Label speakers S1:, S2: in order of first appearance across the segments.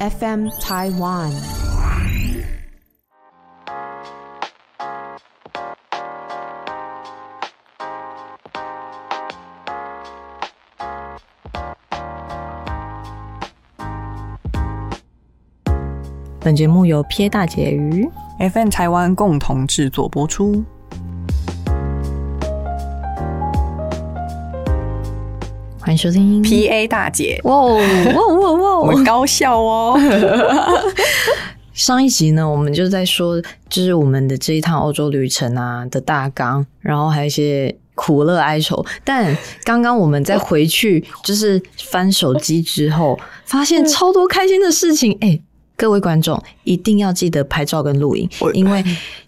S1: FM 台灣本節目由撇大姐與 FM 台灣共同製作播出。聽 P A 大姐，哇哇哇哇，很搞笑哦。 上一集呢，我們就在說，就是我們的這一趟歐洲旅程啊的大綱，然後還有一些苦樂哀愁。但剛剛我們在回去，就是翻手機之後， 發現超多開心的事情，哎、欸。各位觀眾一定要記得拍照跟錄影，因為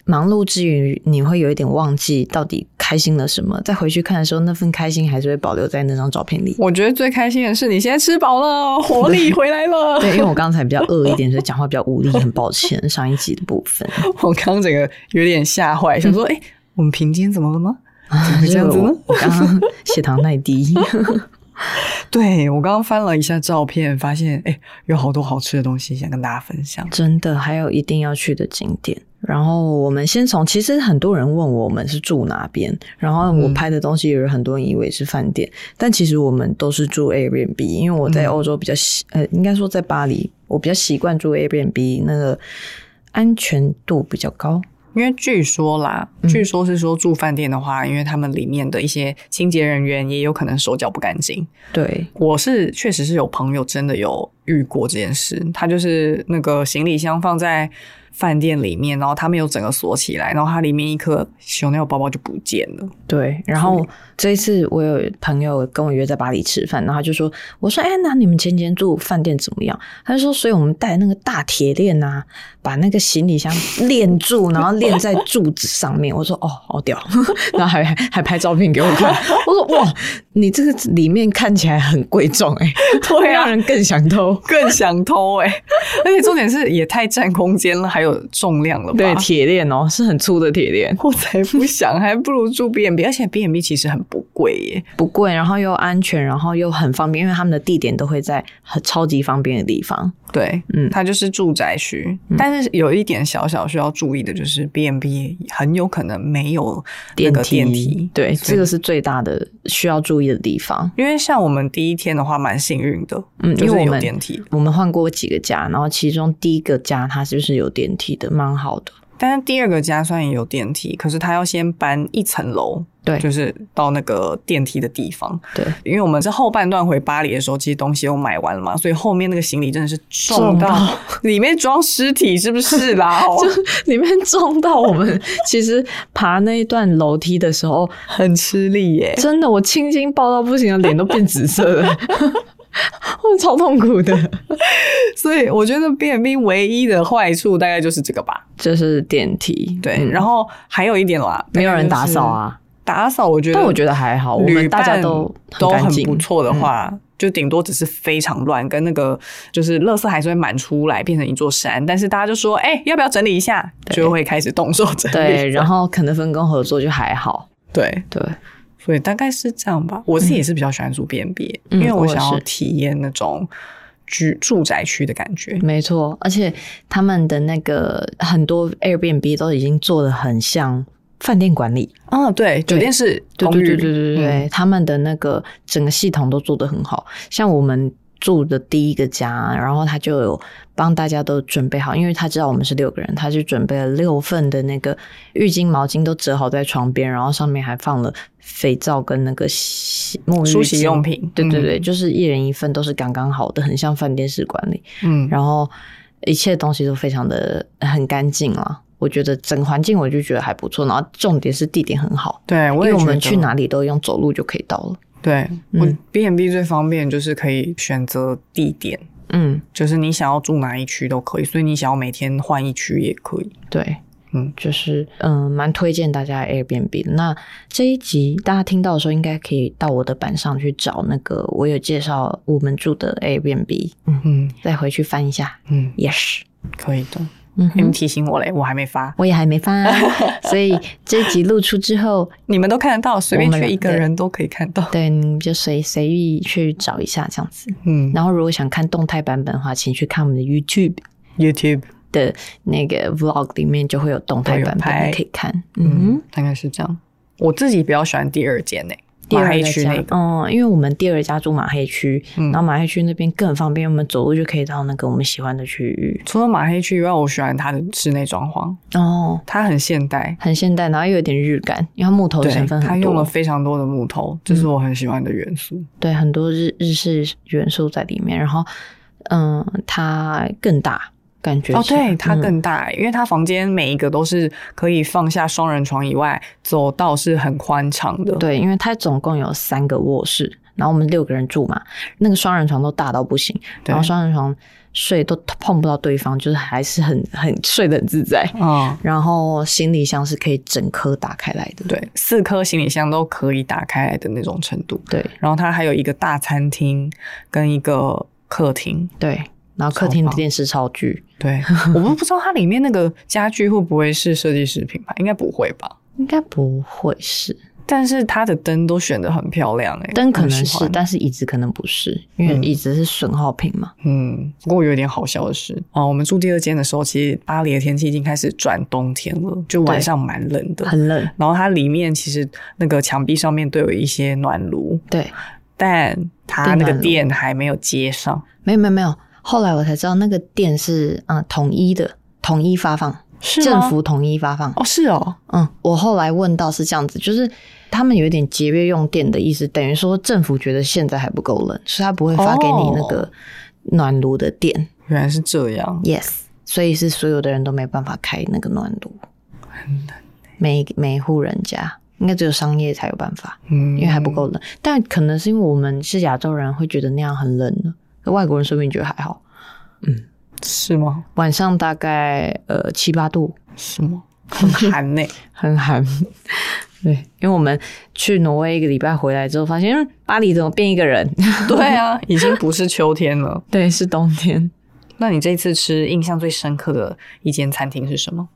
S1: 忙碌之餘你會有一點忘記到底開心了什麼，再回去看的時候，那份開心還是會保留在那張照片裡。我覺得最開心的是你現在吃飽了，活力回來了。 對，對，因為我剛才比較餓一點，所以講話比較無力，很抱歉上一集的部分。我剛整個有點嚇壞， 想說哎、欸，我們平間怎麼了嗎？怎麼會這樣子呢？血、啊、糖太低。 對我剛剛翻了一下照片，發現哎，有好多好吃的東西想跟大家分享。真的，還有一定要去的景點。然後我們先從，其實很多人問我們是住哪邊，然後我拍的東西也有很多人以為是飯店、嗯，但其實我們都是住 Airbnb，因為我在歐洲比較、嗯、呃，應該說在巴黎，我比較習慣住 Airbnb，那個安全度比較高。因為據說啦，嗯。據說是說住飯店的話，因為他們裡面的一些清潔人員也有可能手腳不乾淨。對，我是確實是有朋友真的有。遇過這件事，他就是那個行李箱放在飯店裡面，然後他沒有整個鎖起來，然後它裡面一顆香奈兒包包就不見了。對，然後這一次我有朋友跟我約在巴黎吃飯，然後他就說：“我說哎，那你們前幾天住飯店怎麼樣？”他就說：“所以我們帶那個大鐵鏈吶、啊，把那個行李箱鏈住，然後鏈在柱子上面。”我說：“哦，好屌！” 然後還還拍照片給我看。我說：“哇，你這個裡面看起來很貴重哎、欸，會、啊、讓人更想偷。” 更想偷哎、欸， 而且重點是也太佔空間了， 還有重量了吧。對，鐵鏈哦，是很粗的鐵鏈。我才不想，還不如住 B&B，而且 B&B 其實很不貴耶、欸，不貴，然後又安全，然後又很方便，因為他們的地點都會在很超級方便的地方。對，嗯，它就是住宅區、嗯，但是有一點小小需要注意的就是 B&B 很有可能沒有那個電梯，電梯，對，這個是最大的需要注意的地方。因為像我們第一天的話，蠻幸運的，嗯、就是有電梯，因為我們。我們換過幾個家，然後其中第一個家它是不是有電梯的，蠻好的。但是第二個家雖然也有電梯，可是他要先搬一層樓，對，就是到那個電梯的地方。對，因為我們這後半段回巴黎的時候，其實東西都買完了嘛，所以後面那個行李真的是重到裡面裝屍體，是不是啦？ 就裡面重到我們 其實爬那一段樓梯的時候很吃力耶，真的，我青筋暴到不行啊，臉都變紫色了。 超痛苦的， 所以我覺得便 a 唯一的壞處大概就是這個吧，這是電梯。對、嗯，然後還有一點啦，沒有人打掃啊，打掃我覺得，但我覺得還好，我們大家都都很不錯的話，就頂多只是非常亂、嗯，跟那個就是垃圾還是會滿出來，變成一座山。但是大家就說，哎、欸，要不要整理一下？就會開始動手整理。對，對，然後可能分工合作就還好。對對。對，大概是這樣吧。我自己也是比較喜歡住 Airbnb，嗯、因為我想要體驗那種居住宅區的感覺。嗯、沒錯，而且他們的那個很多 Airbnb 都已經做得很像飯店管理。啊、哦，對，酒店式對對對對，嗯，對，他們的那個整個系統都做得很好。像我們住的第一個家，然後他就有幫大家都準備好，因為他知道我們是六個人，他就準備了六份的那個浴巾、毛巾都折好在床邊，然後上面還放了。肥皂跟那個洗沐浴梳洗用品，對對對，嗯、就是一人一份，都是剛剛好的，很像飯店式管理。嗯，然後一切東西都非常的很乾淨啊，我覺得整環境我就覺得還不錯。然後重點是地點很好，對，因為我們去哪裡都用走路就可以到了。對，嗯，我，B and B 最方便就是可以選擇地點，嗯，就是你想要住哪一區都可以，所以你想要每天換一區也可以，對。就是嗯，蠻推薦大家 Airbnb。那這一集大家聽到的時候，應該可以到我的版上去找那個，我有介紹我們住的 Airbnb。嗯哼，再回去翻一下。嗯，Yes，可以的，嗯。你們提醒我嘞，我還沒發，我也還沒發啊。所以這一集錄出之後， 你們都看得到，隨便去一個人都可以看到。對，對你就隨隨意去找一下這樣子。嗯，然後如果想看動態版本的話，請去看我們的 YouTube。YouTube。的那個 vlog 裡面就會有動態短片可以看，嗯，嗯，大概是這樣。我自己比較喜歡第二間呢。馬黑區。哦、嗯，因為我們第二家住馬黑區、嗯，然後馬黑區那邊更方便，我們走路就可以到那個我們喜歡的區域。除了馬黑區以外，我喜歡它的室內裝潢哦，它很現代，很現代，然後又有點日感，因為木頭成分很多，它用了非常多的木頭、嗯，這是我很喜歡的元素。對，很多日日式元素在裡面，然後嗯，它更大。感覺哦，對，它更大、嗯，因為它房間每一個都是可以放下雙人床以外，走道是很寬敞的。對，因為它總共有三個臥室，然後我們六個人住嘛，那個雙人床都大到不行，對，然後雙人床睡都碰不到對方，就是還是很很睡得很自在。哦、嗯，然後行李箱是可以整顆打開來的，對，四顆行李箱都可以打開來的那種程度。對，然後它還有一個大餐廳跟一個客廳。對。然後客廳的電視超巨超，對， 我們不知道它裡面那個家具會不會是設計師品牌，應該不會吧？應該不會是，但是它的燈都選的很漂亮，欸，哎，燈可能是，但是椅子可能不是，嗯，因為椅子是損耗品嘛。嗯，不過有點好笑的是，哦，嗯啊，我們住第二間的時候，其實巴黎的天氣已經開始轉冬天了，就晚上蠻冷的，很冷。然後它裡面其實那個牆壁上面都有一些暖爐，對，但它那個電還沒有接上，沒有，沒有，沒有。後來我才知道，那個電是嗯統一的，統一發放，是政府統一發放哦，是哦，嗯，我後來問到是這樣子，就是他們有點節約用電的意思，等於說政府覺得現在還不夠冷，所以他不會發給你那個暖爐的電、哦。原來是這樣，Yes，所以是所有的人都沒辦法開那個暖爐，很冷，每每一戶人家應該只有商業才有辦法，嗯，因為還不夠冷，但可能是因為我們是亞洲人，會覺得那樣很冷呢。外國人說不定覺得還好，嗯，是嗎？晚上大概呃七八度，是嗎？很寒呢、欸， 很寒。對，因為我們去挪威一個禮拜回來之後，發現、嗯、巴黎怎麼變一個人？ 對啊，已經不是秋天了， 對，是冬天。那你這次吃印象最深刻的一間餐廳是什麼？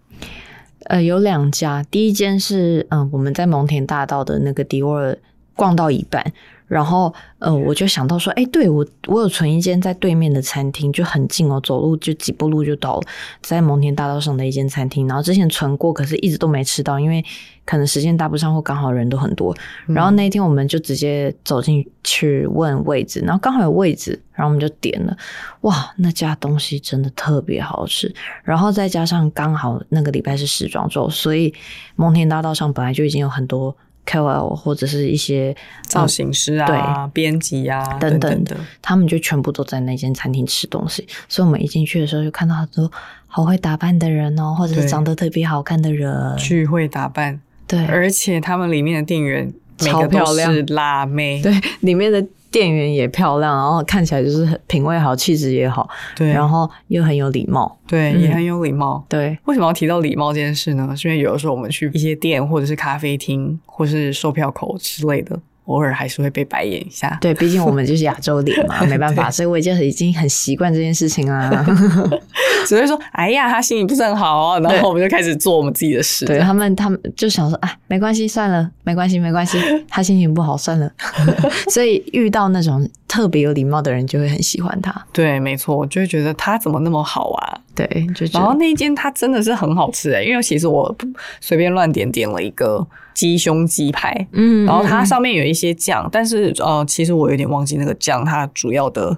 S1: 呃，有兩家，第一間是嗯，我們在蒙田大道的那個迪奧逛到一半。然後，呃我就想到說，哎，對我，我有存一間在對面的餐廳，就很近哦，走路就幾步路就到了，在蒙田大道上的一間餐廳。然後之前存過，可是一直都沒吃到，因為可能時間搭不上，或剛好人都很多。然後那天我們就直接走進去問位置，嗯，然後剛好有位置，然後我們就點了。哇，那家東西真的特別好吃。然後再加上剛好那個禮拜是時裝周，所以蒙田大道上本來就已經有很多。KOL 或者是一些造型師啊、嗯、編輯啊等等，等等的，他們就全部都在那間餐廳吃東西。所以我們一進去的時候，就看到很多好會打扮的人哦，或者是長得特別好看的人，巨會打扮。對，而且他們裡面的店員超漂亮，辣妹。對，裡面的。店員也漂亮，然後看起來就是很品味好，氣質也好，對，然後又很有禮貌，對，嗯、也很有禮貌，對。為什麼要提到禮貌這件事呢？是因為有的時候我們去一些店，或者是咖啡廳，或是售票口之類的。偶爾還是會被白眼一下，對，畢竟我們就是亞洲臉嘛， 沒辦法，所以我已經很習慣這件事情啦、啊。 只會說，哎呀，他心情不是很好、啊，然後我們就開始做我們自己的事。對，對，對，他們，他們就想說，啊，沒關係，算了，沒關係，沒關係，他心情不好，算了。 所以遇到那種特別有禮貌的人就會很喜歡他。對，沒錯，我就會覺得他怎麼那麼好啊？對，就然後那一間它真的是很好吃哎、欸，因為其實我隨便亂點點了一個雞胸雞排，嗯，然後它上面有一些醬、嗯，但是呃，其實我有點忘記那個醬它主要的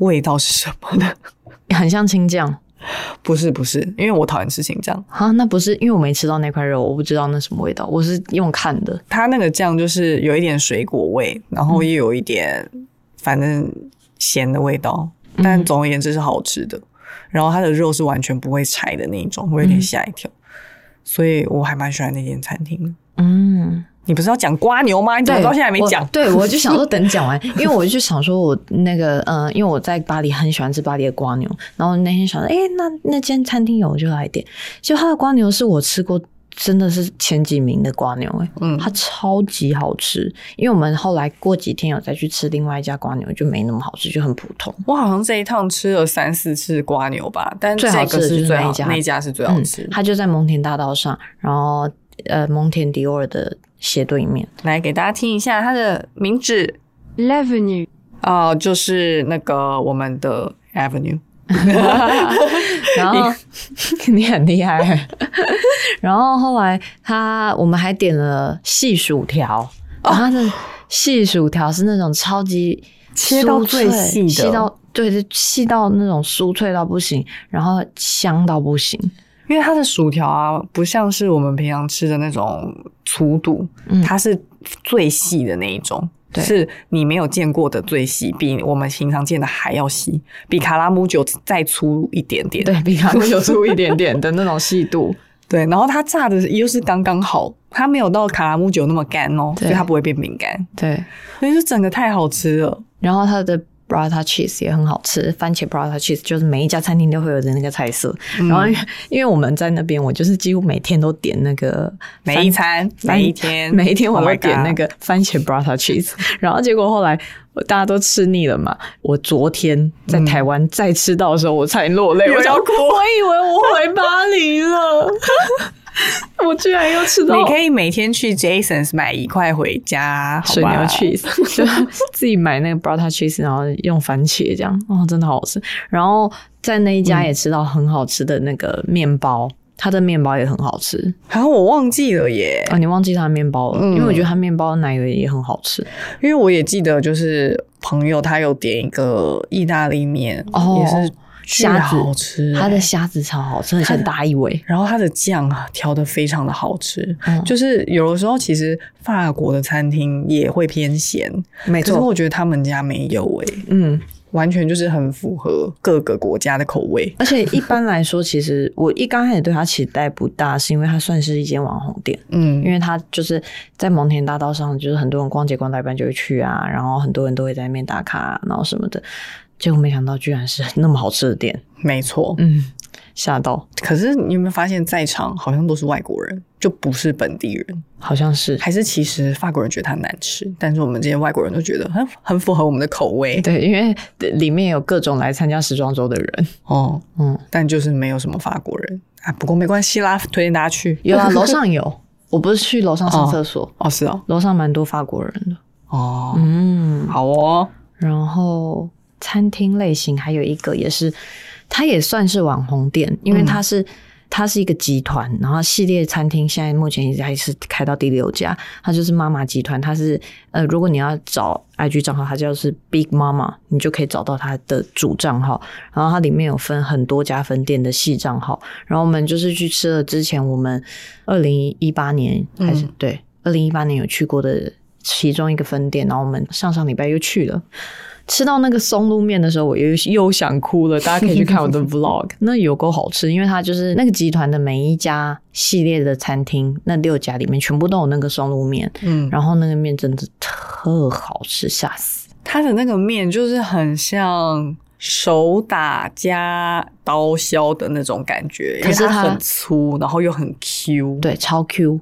S1: 味道是什麼的。很像青醬，不是不是，因為我討厭吃青醬。哈，那不是，因為我沒吃到那塊肉，我不知道那什麼味道。我是用看的，它那個醬就是有一點水果味，然後又有一點、嗯。反正鹹的味道，但總而言之是好吃的。嗯、然後它的肉是完全不會柴的那一種，我有點嚇一跳，嗯，所以我還蠻喜歡那間餐廳。嗯，你不是要講瓜牛嗎？你怎麼到現在還沒講？對，我，對我就想說等講完， 因為我就想說我那個，嗯、呃，因為我在巴黎很喜歡吃巴黎的瓜牛，然後那天想，哎，那那間餐廳有，我就來點。其實它的瓜牛是我吃過。真的是前幾名的蝸牛、欸、嗯，它超級好吃。因為我們後來過幾天有再去吃另外一家蝸牛，就沒那麼好吃，就很普通。我好像這一趟吃了三四次蝸牛吧，但最好吃的是，好、就是那一家，那一家是最好吃、嗯。它就在蒙田大道上，然後呃蒙田迪歐爾的斜對面。來給大家聽一下它的名字，L'Avenue、呃、就是那個我們的 Avenue。 然後你， 你很厲害， 然後後來他我們還點了細薯條，哦、他的細薯條是那種超級切到最細的，細到對，就細到那種酥脆到不行，然後香到不行，因為它的薯條啊不像是我們平常吃的那種粗度，嗯、它是最細的那一種。對，是你沒有見過的最細，比我們平常見的還要細，比卡拉木酒再粗一點點，對，比卡拉木酒粗一點點的那種細度， 對，然後它炸得又是剛剛好，它沒有到卡拉木酒那麼乾哦，對，所以它不會變餅乾，對，所以就整個太好吃了，然後它的。Burrata Cheese 也很好吃，番茄 Burrata Cheese 就是每一家餐廳都會有的那個菜色、嗯。然後因為我們在那邊，我就是幾乎每天都點那個每一餐，每一天每一天，每一天我都會點那個番茄 Burrata Cheese、oh。然後結果後來大家都吃膩了嘛。我昨天在台灣再吃到的時候，我才落淚，嗯、我想要哭， 我以為我回巴黎了。 我居然又吃到！你可以每天去 Jasons 買一塊回家，水牛 cheese， 就自己買那個 burrata cheese，然後用番茄這樣，哦，真的好好吃。然後在那一家也吃到很好吃的那個麵包，嗯、它的麵包也很好吃。然、啊、後我忘記了耶，啊，你忘記他的麵包了、嗯？因為我覺得他麵包的奶油也很好吃。因為我也記得，就是朋友他有點一個意大利麵，哦、也是。蝦好吃、欸、蝦子，它的蝦子超好吃，很像大一尾。然後它的醬啊調的非常的好吃、嗯，就是有的時候其實法國的餐廳也會偏鹹，沒錯。可是我覺得他們家沒有哎、欸，嗯，完全就是很符合各個國家的口味。而且一般來說，其實我一剛開始對它期待不大，是因為它算是一間網紅店，嗯，因為它就是在蒙田大道上，就是很多人逛街逛到一半就會去啊，然後很多人都會在那邊打卡，然後什麼的。結果沒想到，居然是那麼好吃的店。沒錯，嗯，嚇到。可是你有沒有發現，在場好像都是外國人，就不是本地人。好像是，還是其實法國人覺得它難吃，但是我們這些外國人都覺得很很符合我們的口味。對，因為裡面有各種來參加時裝周的人。哦，嗯，但就是沒有什麼法國人啊。不過沒關係啦，推薦大家去。有啊，樓上有。我不是去樓上上廁所哦。哦，是哦。樓上蠻多法國人的。哦，嗯，好哦。然後。餐廳類型還有一個也是，它也算是網紅店，因為它是、嗯、它是一個集團，然後系列餐廳現在目前已經還是開到第六家，它就是媽媽集團，它是呃，如果你要找 IG 賬號，它就是 Big Mama，你就可以找到它的主賬號，然後它裡面有分很多家分店的系賬號，然後我們就是去吃了之前我們二零一八年還是、嗯、對，二零一八年有去過的其中一個分店，然後我們上上禮拜又去了。吃到那個松露麵的時候，我又又想哭了。大家可以去看我的 vlog， 那有夠好吃，因為它就是那個集團的每一家系列的餐廳，那六家裡面全部都有那個松露麵。嗯，然後那個麵真的特好吃，嚇死！它的那個麵就是很像手打加刀削的那種感覺，可是它，它很粗，然後又很 Q，對，超 Q。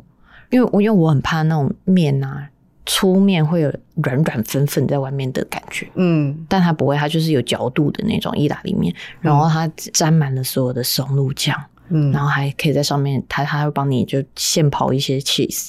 S1: 因為我因為我很怕那種麵啊。粗麵會有軟軟粉粉在外面的感覺，嗯，但它不會，它就是有嚼度的那種意大利麵，然後它沾滿了所有的松露醬，嗯，然後還可以在上面，它它會幫你就現刨一些 cheese，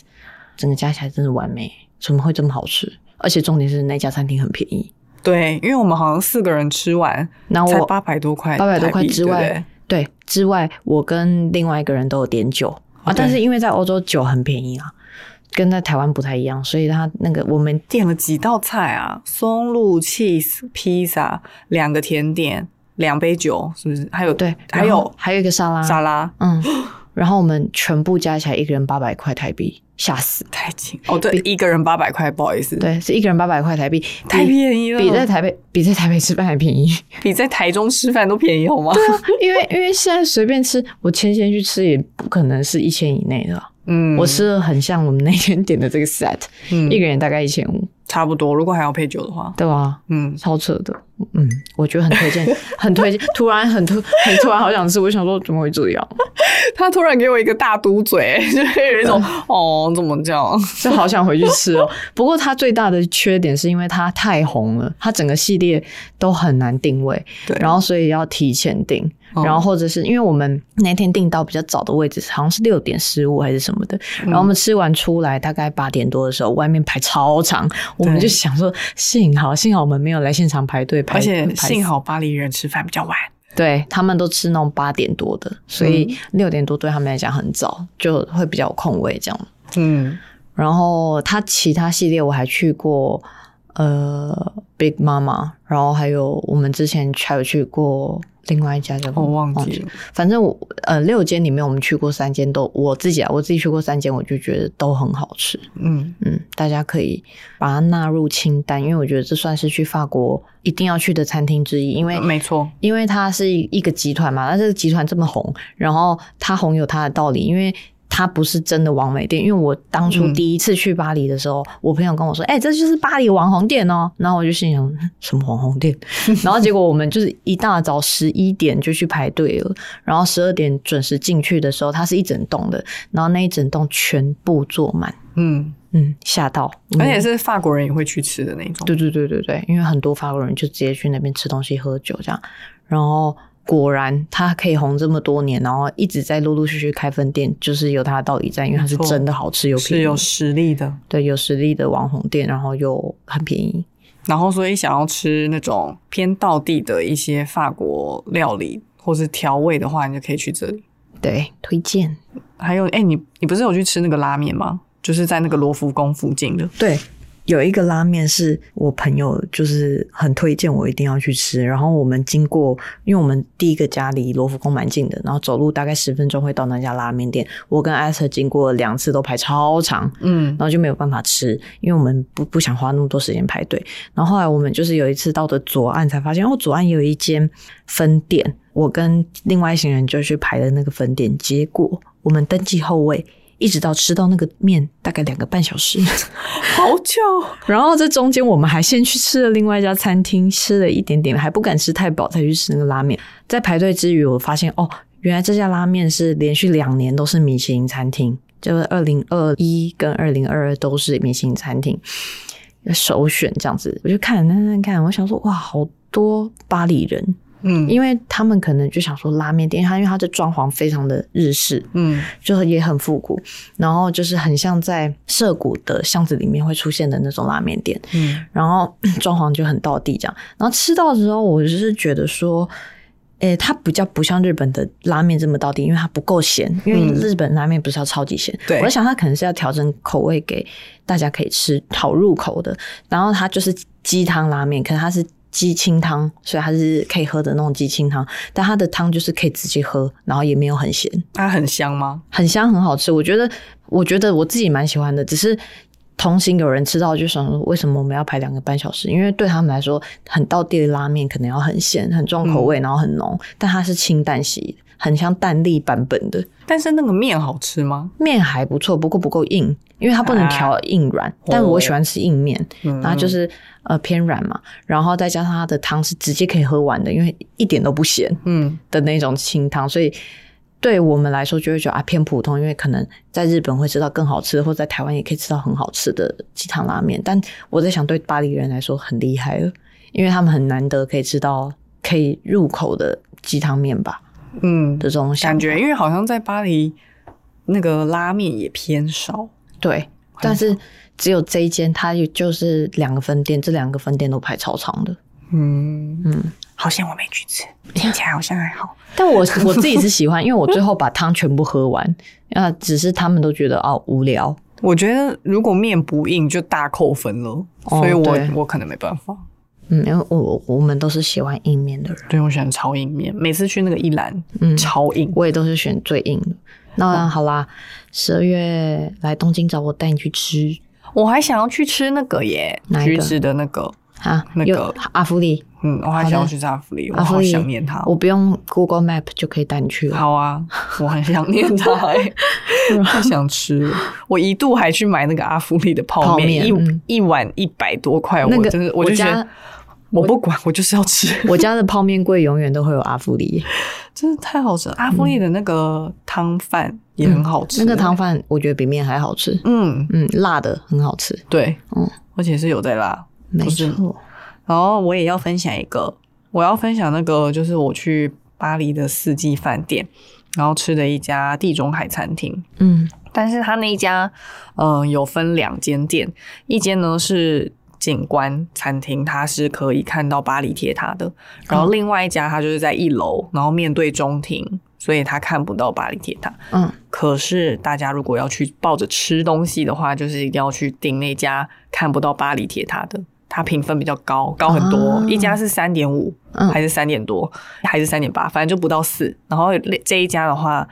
S1: 整個加起來真的完美，怎麼會這麼好吃？而且重點是那家餐廳很便宜，對，因為我們好像四個人吃完，然後我八百多塊，八百多塊之外對對，對，之外我跟另外一個人都有點酒啊，但是因為在歐洲酒很便宜啊。跟在台灣不太一樣，所以他那個我們點了幾道菜啊，松露 cheese 披 i 兩個甜點，兩杯酒，是不是？還有對，還有還有一個沙拉沙拉，嗯，然後我們全部加起來一個人八百塊台幣，嚇死太緊哦，對，一個人八百塊，不好意思，對，是一個人八百塊台幣，太便宜了，比在台北比在台北吃飯還便宜，比在台中吃飯都便宜好嗎？啊、因為因為現在隨便吃，我天天去吃也不可能是一千以內的。嗯，我吃了很像我們那天點的這個 set，、嗯、一個人大概一千五，差不多。如果還要配酒的話，對吧、啊？嗯，超扯的。嗯，我覺得很推薦，很推薦。 突然很突，很突然，好想吃。我想說，怎麼會這樣？他突然給我一個大嘟嘴，就是有一種哦，怎麼這樣？就好想回去吃哦。不過它最大的缺點是因為它太紅了，它整個系列都很難訂位。對，然後所以要提前訂。然後或者是因為我們那天訂到比較早的位置，好像是六點十五還是什麼的。然後我們吃完出來，大概八點多的時候，外面排超長。我們就想說，幸好幸好我們沒有來現場排隊排。而且幸好巴黎人吃飯比較晚，對，他們都吃那種八點多的，所以六點多對他們來講很早，就會比較有空位這樣。嗯，然後他其他系列我還去過，呃，Big Mama，然後還有我們之前還有去過。另外一家叫，我、哦、忘記了。哦、反正我呃六間裡面我們去過三間都，都我自己啊，我自己去過三間，我就覺得都很好吃。嗯嗯，大家可以把它納入清單，因為我覺得這算是去法國一定要去的餐廳之一。因為沒錯，因為它是一個集團嘛，但是集團這麼紅，然後它紅有它的道理，因為。它不是真的網美店，因為我當初第一次去巴黎的時候，嗯、我朋友跟我說：“哎、欸，這就是巴黎網紅店哦、喔。”然後我就心想：“什麼網紅店？” 然後結果我們就是一大早十一點就去排隊了，然後十二點準時進去的時候，它是一整棟的，然後那一整棟全部坐滿，嗯嗯，嚇到、嗯，而且是法國人也會去吃的那一種。對對對對對，因為很多法國人就直接去那邊吃東西喝酒這樣，然後。果然，它可以紅這麼多年，然後一直在陸陸續續開分店，就是有它的道理在，因為它是真的好吃又便宜，是有實力的，對，有實力的網紅店，然後又很便宜，然後所以想要吃那種偏道地的一些法國料理或是調味的話，你就可以去這裡，對，推薦。還有，哎、欸，你你不是有去吃那個拉麵嗎？就是在那個羅浮宮附近的，對。有一個拉麵是我朋友，就是很推薦我一定要去吃。然後我們經過，因為我們第一個家離羅浮宮蠻近的，然後走路大概十分鐘會到那家拉麵店。我跟艾特經過了兩次都排超長，嗯，然後就沒有辦法吃，因為我們不不想花那麼多時間排隊。然後後來我們就是有一次到的左岸才發現，哦，左岸有一間分店。我跟另外一行人就去排的那個分店，結果我們登記候位。一直到吃到那個麵大概兩個半小時，好久。然後這中間我們還先去吃了另外一家餐廳，吃了一點點，還不敢吃太飽，才去吃那個拉麵。在排隊之餘，我發現哦，原來這家拉麵是連續兩年都是米其林餐廳，就是二零二一跟二零二二都是米其林餐廳首選這樣子。我就看，看，看，我想說哇，好多巴黎人。嗯，因為他們可能就想說拉麵店，因為它的裝潢非常的日式，嗯，就也很複古，然後就是很像在澀谷的巷子裡面會出現的那種拉麵店，嗯，然後裝潢就很道地這樣，然後吃到的時候我就是覺得說，誒、欸，它比較不像日本的拉麵這麼道地，因為它不夠鹹，因為日本拉麵不是要超級鹹，對、嗯，我在想它可能是要調整口味給大家可以吃好入口的，然後它就是雞湯拉麵，可能它是。雞清湯，所以它是可以喝的那種雞清湯，但它的湯就是可以直接喝，然後也沒有很鹹。它、啊、很香嗎？很香，很好吃。我覺得，我覺得我自己蠻喜歡的。只是同行有人吃到就想說，為什麼我們要排兩個半小時？因為對他們來說，很道地的拉面可能要很鹹、很重口味，嗯、然後很濃。但它是清淡系，很像淡麗版本的。但是那個面好吃嗎？面還不錯，不過不夠硬。因為它不能調硬軟、啊，但我喜歡吃硬麵、哦，然後就是、嗯、呃偏軟嘛，然後再加上它的湯是直接可以喝完的，因為一點都不鹹，嗯的那種清湯，嗯、所以對我們來說就會覺得啊偏普通，因為可能在日本會吃到更好吃的，或者在台灣也可以吃到很好吃的雞湯拉麵，但我在想對巴黎人來說很厲害了，因為他們很難得可以吃到可以入口的雞湯麵吧，嗯，的這種想法感覺，因為好像在巴黎那個拉麵也偏少。對，但是只有這一間，它也就是兩個分店，這兩個分店都排超長的。嗯嗯，好像我沒去吃，聽起來好像還好。但我 我自己是喜歡，因為我最後把湯全部喝完，那、嗯、只是他們都覺得哦無聊。我覺得如果麵不硬，就大扣分了，哦、所以我我可能沒辦法。嗯，因為我我們都是喜歡硬麵的人。對，我喜歡超硬麵，每次去那個一蘭，嗯，超硬，我也都是選最硬的。那、啊、好啦，十二月來東京找我，帶你去吃。我還想要去吃那個耶，橘子的那個啊，那個阿夫利。嗯，我還想要去吃阿夫利，好，我好想念他。我不用 Google Map 就可以帶你去了。好啊，我很想念他，太 想吃，我一度還去買那個阿夫利的泡麵，一一碗一百多塊，那個、我真的，我就我覺得。我，我不管，我就是要吃。我家的泡麵櫃永遠都會有阿夫利， 真的太好吃了。阿夫利的那個湯飯也很好吃，欸嗯，那個湯飯我覺得比麵還好吃。嗯嗯，辣的很好吃，對，嗯，而且是有在辣，就是，沒錯。然後我也要分享一個，我要分享那個就是我去巴黎的四季飯店，然後吃的一家地中海餐廳。嗯，但是他那一家，嗯、呃，有分兩間店，一間呢是。景觀餐廳，它是可以看到巴黎鐵塔的。然後另外一家，它就是在一樓，然後面對中庭，所以它看不到巴黎鐵塔。嗯，可是大家如果要去抱着吃東西的話，就是一定要去訂那家看不到巴黎鐵塔的，它評分比較高，高很多。哦、一家是三點五，還是三點多，還是三點八，反正就不到四。然後這一家的話，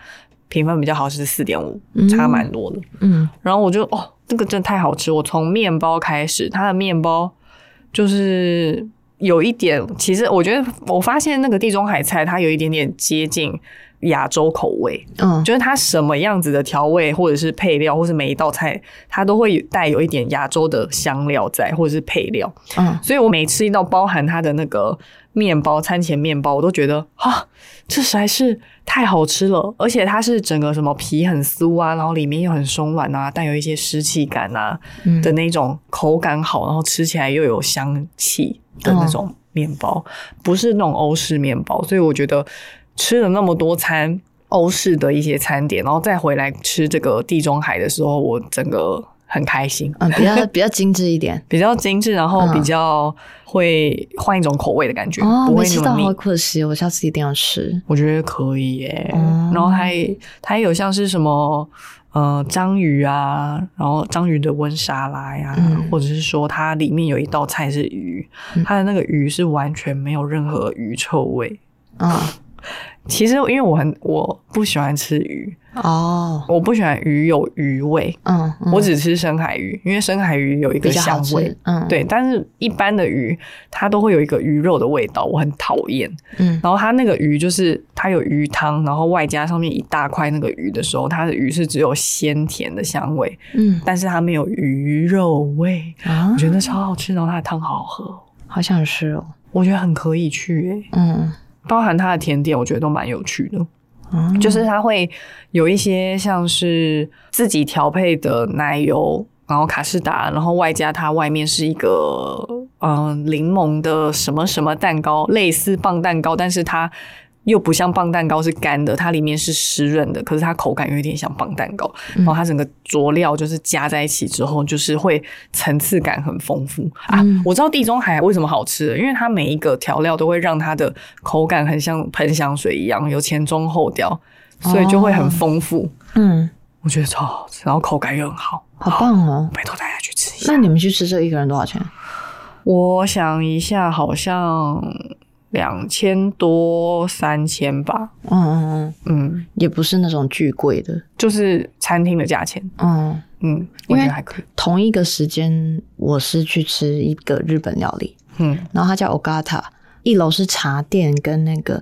S1: 評分比較好是四點五，差蠻多的嗯。嗯，然後我就哦。那、這個真的太好吃！我從面包開始，它的面包就是有一點，其實我覺得我發現那個地中海菜，它有一點點接近亞洲口味，嗯，就是它什麼樣子的調味或者是配料，或者是每一道菜，它都會帶有一點亞洲的香料在或者是配料，嗯，所以我每吃一道包含它的那個麵包，餐前面包，我都覺得啊，這實在是。太好吃了，而且它是整個什麼皮很酥啊，然後裡面又很鬆軟啊，帶有一些濕氣感啊的那種口感好，嗯、然後吃起來又有香氣的那種麵包，哦，不是那種歐式麵包，所以我覺得吃了那麼多餐歐式的一些餐點，然後再回來吃這個地中海的時候，我整個。很開心，嗯，比較比較精致一點，比較精致， 然後比較會換一種口味的感覺啊、嗯哦，沒吃到，好可惜，我下次一定要吃，我覺得可以耶，哦、然後還它，它有像是什麼，呃，章魚啊，然後章魚的溫沙拉呀、啊嗯，或者是說它裡面有一道菜是魚、嗯，它的那個魚是完全沒有任何魚臭味，嗯。 其實因為我很我不喜歡吃魚哦，oh. 我不喜歡魚有魚味嗯，嗯，我只吃深海魚，因為深海魚有一個香味，嗯，對。但是一般的魚它都會有一個魚肉的味道，我很討厭，嗯。然後它那個魚就是它有魚湯，然後外加上面一大塊那個魚的時候，它的魚是只有鮮甜的香味，嗯。但是它沒有魚肉味啊、嗯，我覺得超好吃，然後它的湯好好喝，好想吃哦，我覺得很可以去、欸，嗯。包含它的甜點，我覺得都蠻有趣的，嗯，就是它會有一些像是自己調配的奶油，然後卡士達，然後外加它外面是一個嗯、呃、檸檬的什麼什麼蛋糕，類似棒蛋糕，但是它。又不像棒蛋糕是乾的，它裡面是濕潤的，可是它口感有一點像棒蛋糕。嗯、然後它整個佐料就是加在一起之後，就是會層次感很豐富啊、嗯！我知道地中海，海為什麼好吃，因為它每一個調料都會讓它的口感很像噴香水一樣，有前中後調，
S2: 所以就會很
S1: 豐富。嗯、哦，我覺得超好吃，然後口感又很好，好棒哦！啊、我拜託大家去吃一下。那你們去吃這個一個人多少錢？我想一下，好像。兩千多三千吧，嗯嗯嗯，也不是那種巨貴的，就是餐廳的價錢，嗯嗯，我覺得還可以。同一個時間我是去吃一個日本料理，嗯，然後它叫 OGATA，一樓是茶店跟那個，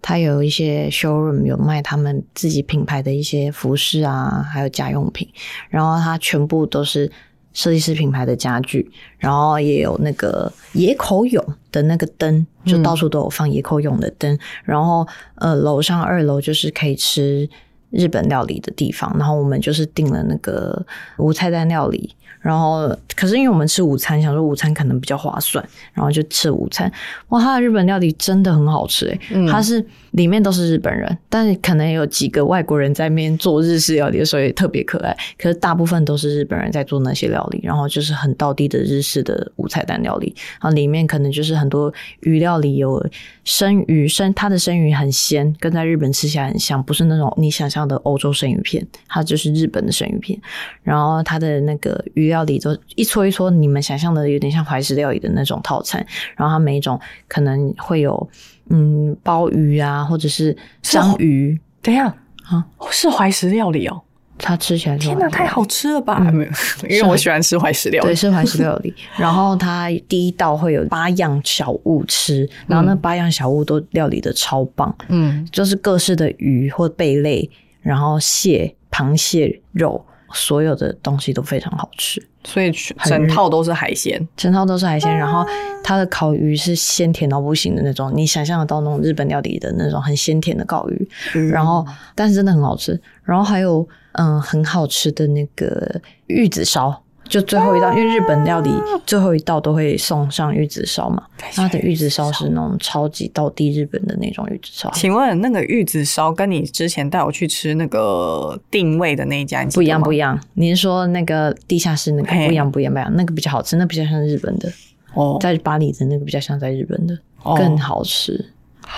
S1: 它有一些 showroom，有賣他們自己品牌的一些服飾啊，還有家用品，然後它全部都是。設計師品牌的家具，然後也有那個野口勇的那個燈，就到處都有放野口勇的燈，嗯。然後，呃，樓上二樓就是可以吃日本料理的地方。然後我們就是訂了那個無菜單料理。然後，可是因為我們吃午餐，想說午餐可能比較划算，然後就吃午餐。哇，它的日本料理真的很好吃誒，欸嗯，它是。裡面都是日本人，但是可能也有幾個外國人在那邊做日式料理，所以特別可愛。可是大部分都是日本人，在做那些料理，然後就是很道地的日式的無菜單料理。然後裡面可能就是很多魚料理，有生魚生，它的生魚很鮮，跟在日本吃起來很像，不是那種你想象的歐洲生魚片，它就是日本的生魚片。然後它的那個魚料理都一撮一撮，你們想象的有點像懷石料理的那種套餐。然後它每一種可能會有。嗯，鮑魚啊，或者是章魚，等一下啊，是懷石料理哦。它吃起來，天哪、啊，太好吃了吧！嗯、 因為我喜歡吃懷石料理，懷對，是懷石料理。 然後它第一道會有八樣小物吃，然後那八樣小物都料理的超棒，嗯，就是各式的魚或貝類，然後蟹、螃蟹肉。所有的東西都非常好吃，所以全套都是海鮮，全套都是海鮮、嗯。然後它的烤魚是鮮甜到不行的那種，你想象得到那種日本料理的那種很鮮甜的烤魚、嗯。然後，但是真的很好吃。然後還有，嗯，很好吃的那個玉子燒。就最後一道、啊，因為日本料理最後一道都會送上玉子燒嘛。哎、它的玉子燒是那種超級道地日本的那種玉子燒。請問那個玉子燒跟你之前帶我去吃那個定位的那家不一，不一樣？不一樣。您說那個地下室那個？不，不一樣，不一樣，不一樣。那個比較好吃，那個、比較像日本的。哦、oh.，在巴黎的那個比較像在日本的，oh. 更好吃。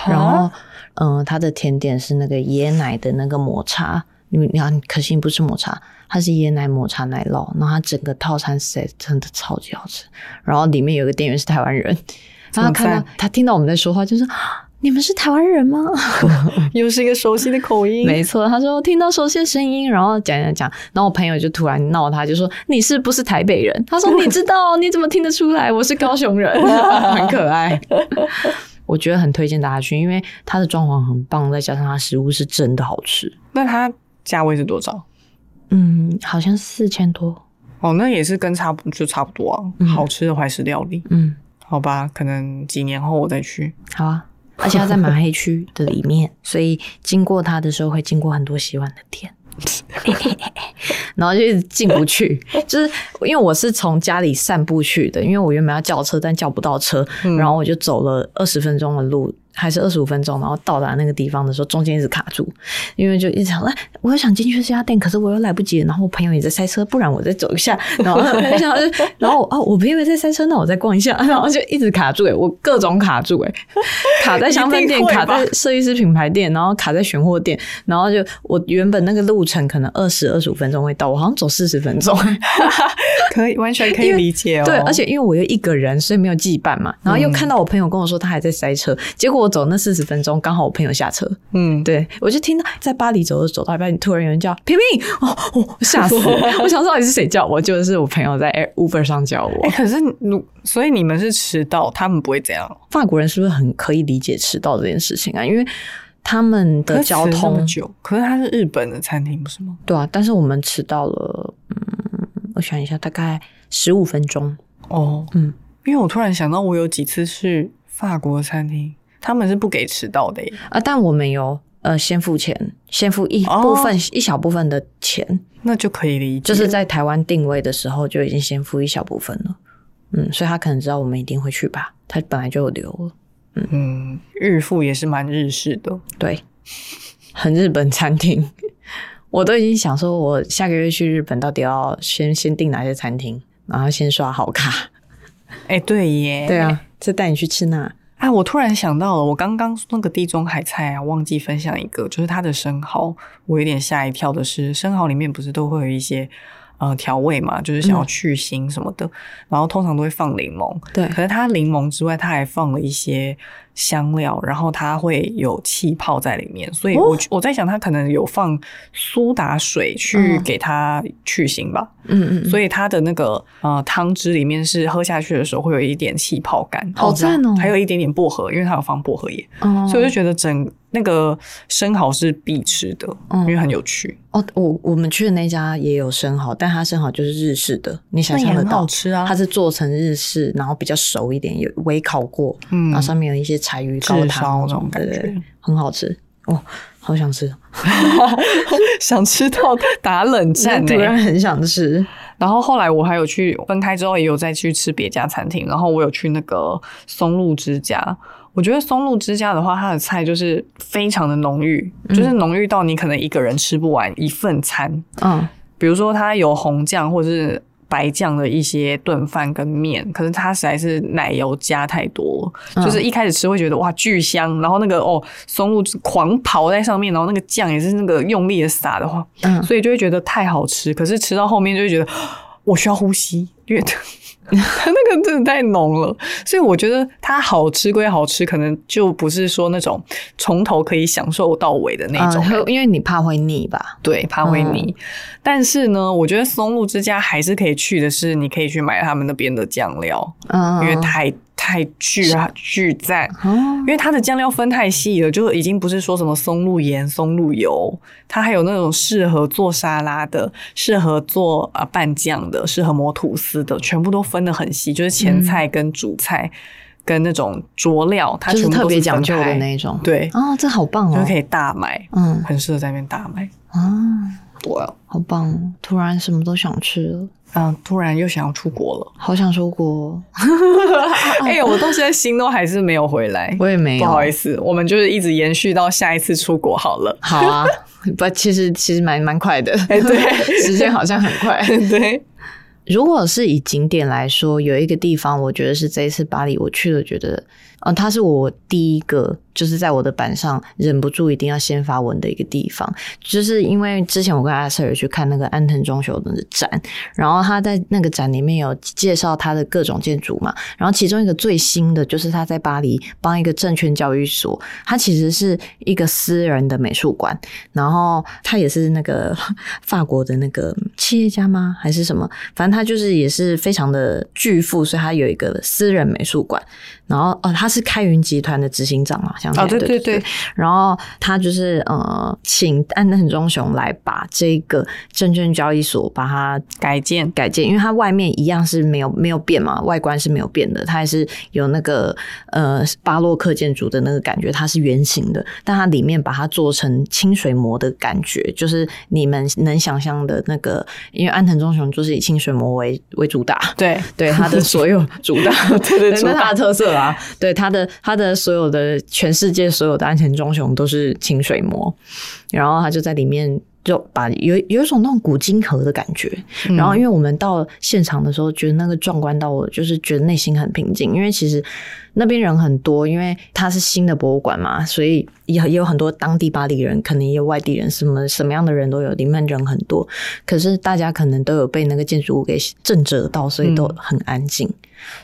S1: Oh. 然後，huh? 嗯，它的甜點是那個椰奶的那個抹茶。你你看，可惜不是抹茶，它是椰奶抹茶奶酪，然後它整個套餐，set 真的超級好吃。然後裡面有一個店員是台灣人，然後他看到他聽到我們在說話就說，就是你們是台灣人嗎？” 又是一個熟悉的口音， 沒錯。他說：“聽到熟悉的聲音。”然後講講講，然後我朋友就突然鬧他，就說：“你是不是台北人？”他說：“ 你知道？你怎麼聽得出來？我是高雄人。” 很可愛，我覺得很推薦大家去，因為他的裝潢很棒，再加上他食物是真的好吃。那他價位是多少？嗯，好像四千多。哦，那也是跟差不多就差不多啊。嗯、好吃的懷石料理，嗯，好吧，可能幾年後我再去。好啊，
S2: 而且它在馬
S1: 黑區的裡面， 所以經過它的時候會經過很多洗碗的店， 然後就一直進不去。 就是因為我是從家裡散步去的，因為我原本要叫車，但叫不到車，嗯、然後我就走了二十分鐘的路。還是二十五分鐘，然後到達那個地方的時候，中間一直卡住，因為就一直想，哎、啊，我又想進去這家店，可是我又來不及，然後我朋友也在塞車，不然我再走一下。然後就 然後啊，我朋友在塞車，那我再逛一下。然後就一直卡住，哎，我各種卡住，哎， 卡在香氛店，卡在設計師品牌店，然後卡在選貨店，然後就我原本那個路程可能二十二十五分鐘會到，我好像走四十分鐘， 可以，完全可以理解哦。對，而且因為我又一個人，所以沒有結伴嘛。然後又看到我朋友跟我說他還在塞車，結果。走那四十分鐘，剛好我朋友下車。嗯，對，我就聽到在巴黎走着走着，然後突然有人叫“萍萍、oh, oh, ”哦，嚇死我了！我想知道你是誰叫我？就是我朋友在 Uber 上叫我。欸、可是所以你們是遲到，他們不會這樣。法國人是不是很可以理解遲到這件事情啊？因為他們的交通久。可是他是日本的餐廳，不是嗎？對啊，但是我們遲到了，嗯，我想一下，大概十五分鐘哦，嗯，因為我突然想到，我有幾次去法國的餐廳。他們是不給遲到的耶，啊！但我們有呃，先付錢，先付一部分，哦，一小部分的錢，那就可以理解。就是在台灣定位的時候就已經先付一小部分了，嗯，所以他可能知道我們一定會去吧，他本來就有留了，嗯，嗯，日付也是蠻日式的，對，很日本餐廳。 我都已經想說，我下個月去日本到底要先先訂哪些餐廳，然後先刷好卡。哎，欸，對耶，對啊，這帶你去吃那。啊，我突然想到了，我剛剛說那個地中海菜啊，忘記分享一個，就是它的生蠔。我有點嚇一跳的是，生蠔裡面不是都會有一些。呃，調味嘛，就是想要去腥什麼的、嗯，然後通常都會放檸檬。對，可是它檸檬之外，它還放了一些香料，然後它會有氣泡在裡面，所以我、哦、我在想，它可能有放蘇打水去給它去腥吧。嗯嗯，所以它的那個呃湯汁裡面是喝下去的時候會有一點氣泡感，好讚哦！還有一點點薄荷，因為它有放薄荷葉、哦，所以我就覺得整。那個生蠔是必吃的，嗯，因為很有趣哦。我我們去的那家也有生蠔，但它生蠔就是日式的。你想象得到，很好吃啊，它是做成日式，然後比較熟一點，有微烤過，嗯，然後上面有一些柴魚高湯那種感覺，很好吃。哦，好想吃， 想吃到打冷戰， 突然很想吃。然後後來我還有去分開之後也有再去吃別家餐廳，然後我有去那個松露之家。我覺得松露之家的話，它的菜就是非常的濃郁，嗯，就是濃郁到你可能一個人吃不完一份餐。嗯，比如說它有紅醬或者是白醬的一些燉飯跟麵，可是它實在是奶油加太多，嗯、就是一開始吃會覺得哇巨香，然後那個哦松露狂刨在上面，然後那個醬也是那個用力的撒的話，嗯，所以就會覺得太好吃，可是吃到後面就會覺得我需要呼吸，略為。 那個真的太濃了，所以我覺得它好吃歸好吃，可能就不是說那種從頭可以享受到尾的那種。嗯，因為你怕會膩吧？對，怕會膩。嗯。但是呢，我覺得松露之家還是可以去的，是你可以去買他們那邊的醬料。嗯，因為太。太巨啊，巨讚、哦！因為它的醬料分太細了，就是已經不是說什麼松露鹽、松露油，它還有那種適合做沙拉的、適合做啊拌醬的、適合磨吐司的，全部都分得很細，就是前菜跟主菜跟那種佐料，嗯、它全部是，就是特別講究的那種。對哦，這好棒哦，就可以大買，嗯，很適合在那邊大買啊。嗯哦對哦、好棒！突然什麼都想吃了，啊、嗯，突然又想要出國了，好想出國、哦！ 哎呦，我到現在心都還是沒有回來，我也沒有，不好意思，我們就是一直延續到下一次出國好了。好啊，不，其實其實蠻蠻快的，哎，對， 時間好像很快。對， 對，如果是以景點來說，有一個地方，我覺得是這一次巴黎，我去了，覺得。嗯、哦，他是我第一個就是在我的板上忍不住一定要先發文的一個地方，就是因為之前我跟阿 Sir 去看那個安藤忠雄的展，然後他在那個展裡面有介紹他的各種建築嘛，然後其中一個最新的就是他在巴黎幫一個證券交易所，他其實是一個私人的美術館，然後他也是那個法國的那個企業家嗎？還是什麼？反正他就是也是非常的巨富，所以他有一個私人美術館，然後哦，他。他是開雲集團的執行長嘛？相當於，啊、哦，對對對。然後他就是呃，請安藤忠雄來把這個證券交易所把它改建改建，因為它外面一樣是沒有沒有變嘛，外觀是沒有變的，它還是有那個呃巴洛克建築的那個感覺，它是圓形的，但它裡面把它做成清水模的感覺，就是你們能想象的那個，因為安藤忠雄就是以清水模為為主打，對對，他的所有主打，對 主 對，那是他的特色啊，對。 他的他的所有的全世界所有的安藤忠雄都是清水模，然後他就在裡面就把有有一種那種古今合的感覺。嗯、然後，因為我們到現場的時候，覺得那個壯觀到我就是覺得內心很平靜，因為其實。那邊人很多，因為它是新的博物館嘛，所以也也有很多當地巴黎人，可能也有外地人，什麼什麼樣的人都有。裡面人很多，可是大家可能都有被那個建築物給震懾到，所以都很安靜、嗯。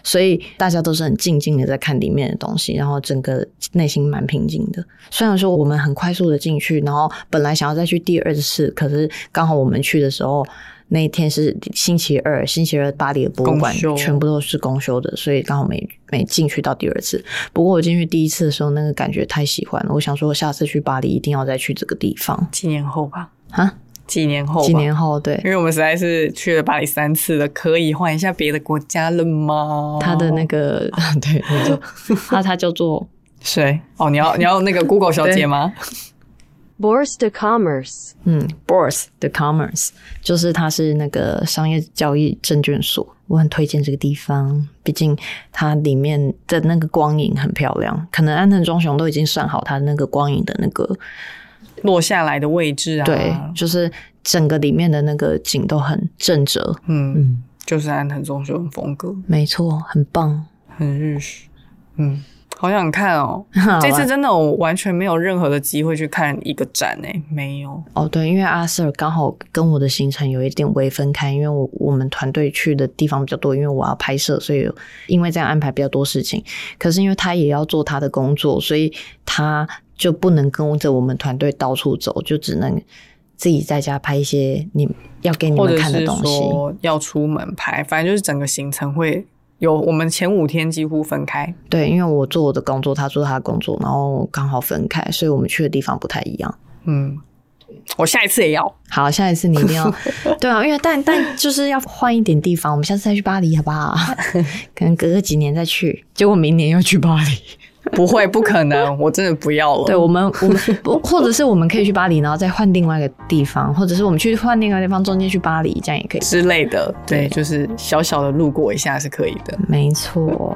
S1: 所以大家都是很靜靜的在看裡面的東西，然後整個內心蠻平靜的。雖然說我們很快速的進去，然後本來想要再去第二次，可是剛好我們去的時候。那一天是星期二，星期二巴黎的博物館全部都是公休的，所以剛好沒沒進去到第二次。不過我進去第一次的時候，那個感覺太喜歡了，我想說，我下次去巴黎一定要再去這個地方。幾年後吧，啊，幾年後，幾年後，對，因為我們實在是去了巴黎三次了，可以換一下別的國家了嗎？他的那個對， 你就 他他叫做誰？哦，你要你要那個 Google 小姐嗎？Bourse de Commerce，嗯，Bourse de Commerce 就是它是那個商業交易證券所，我很推薦這個地方，畢竟它裡面的那個光影很漂亮，可能安藤忠雄都已經算好它那個光影的那個落下來的位置啊，對，就是整個裡面的那個景都很正則，嗯嗯，就是安藤忠雄風格，沒錯，很棒，很日式，嗯。好想看哦！這次真的，我完全沒有任何的機會去看一個展誒、欸，沒有。哦，對，因為阿 Sir 剛好跟我的行程有一點微分開，因為我我們團隊去的地方比較多，因為我要拍攝，所以因為這樣安排比較多事情。可是因為他也要做他的工作，所以他就不能跟着我們團隊到處走，就只能自己在家拍一些你要給你們看的東西。說要出門拍，反正就是整個行程會。有，我們前五天幾乎分開。對，因為我做我的工作，他做他的工作，然後剛好分開，所以我們去的地方不太一樣。嗯，我下一次也要。好，下一次你一定要。 對啊，因為但但就是要換一點地方，我們下次再去巴黎好不好？ 可能隔個幾年再去。結果明年要去巴黎。 不會，不可能，我真的不要了。對，我們，我們不或者是我們可以去巴黎，然後再換另外一個地方，或者是我們去換另外一個地方，中間去巴黎，這樣也可以之類的對。對，就是小小的路過一下是可以的。沒錯，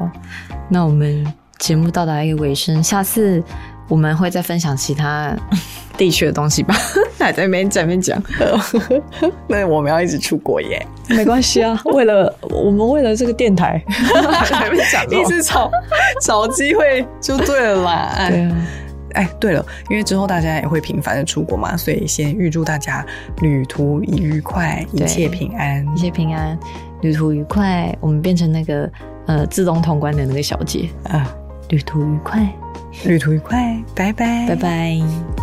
S1: 那我們節目到達一個尾聲，下次我們會再分享其他地區的東西吧， 還在那邊在那邊講， 那我們要一直出國耶？沒關係啊， 為了我們為了這個電台， 在一直找找機會就對了嘛。對啊，哎，對了，因為之後大家也會頻繁的出國嘛，所以先預祝大家旅途愉快，一切平安，一切平安，旅途愉快。我們變成那個呃自動通關的那個小姐啊、呃，旅途愉快，旅途愉快，拜拜，拜拜。